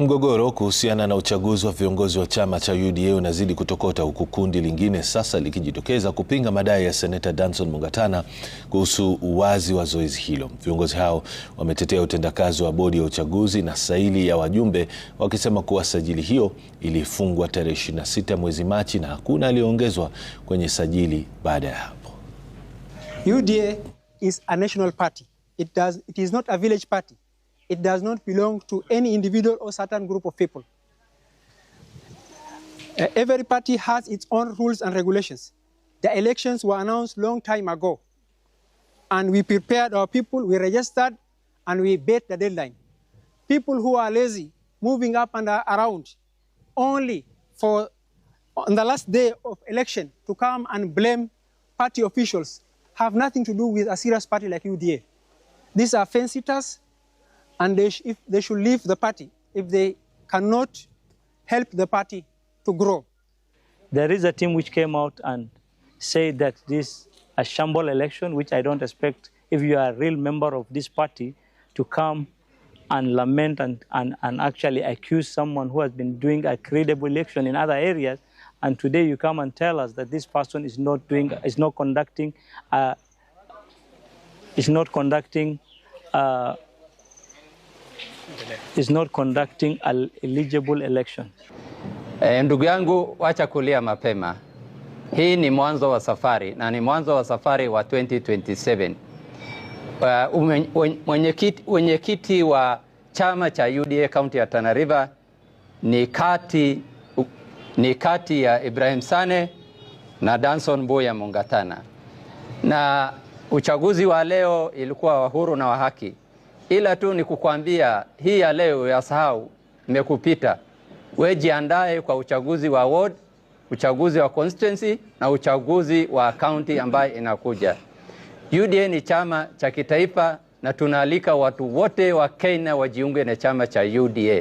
Mgogoro kuhusiana na uchaguzi wa viongozi wa chama cha UDA unazidi kutokota huku kundi lingine sasa likijitokeza kupinga madai ya Seneta Danson Mungatana kuhusu uwazi wa zoezi hilo. Viongozi hao wametetea utendakazi wa bodi ya uchaguzi na saili ya wajumbe wakisema kuwa sajili hiyo ilifungwa tarehe 26 mwezi Machi na hakuna aliyoongezwa kwenye sajili baada ya hapo. UDA is a national party. It does, it is not a village party. It does not belong to any individual or certain group of people. Uh, every party has its own rules and regulations. The elections were announced long time ago. And we prepared our people, we registered, and we beat the deadline. People who are lazy, moving up and around, only for on the last day of election to come and blame party officials have nothing to do with a serious party like UDA. These are fence sitters, and they, if they should leave the party if they cannot help the party to grow. There is a team which came out and said that this a shamble election, which I don't expect if you are a real member of this party to come and lament and, and, and actually accuse someone who has been doing a credible election in other areas. And today you come and tell us that this person is not doing, is not conducting, uh, is not conducting uh, is not conducting an eligible election. Eh, ndugu yangu wacha kulia mapema. Hii ni mwanzo wa safari na ni mwanzo wa safari wa 2027. Eh, uh, mwenyekiti mwenyekiti wa chama cha UDA kaunti ya Tana River ni kati, ni kati ya Ibrahim Sane na Danson Mbuya Mungatana, na uchaguzi wa leo ilikuwa wa huru na wa haki ila tu ni kukwambia hii ya leo ya sahau imekupita. We jiandae kwa uchaguzi wa ward, uchaguzi wa constituency na uchaguzi wa county ambayo inakuja. UDA ni chama cha kitaifa na tunaalika watu wote wa Kenya wajiunge na chama cha UDA.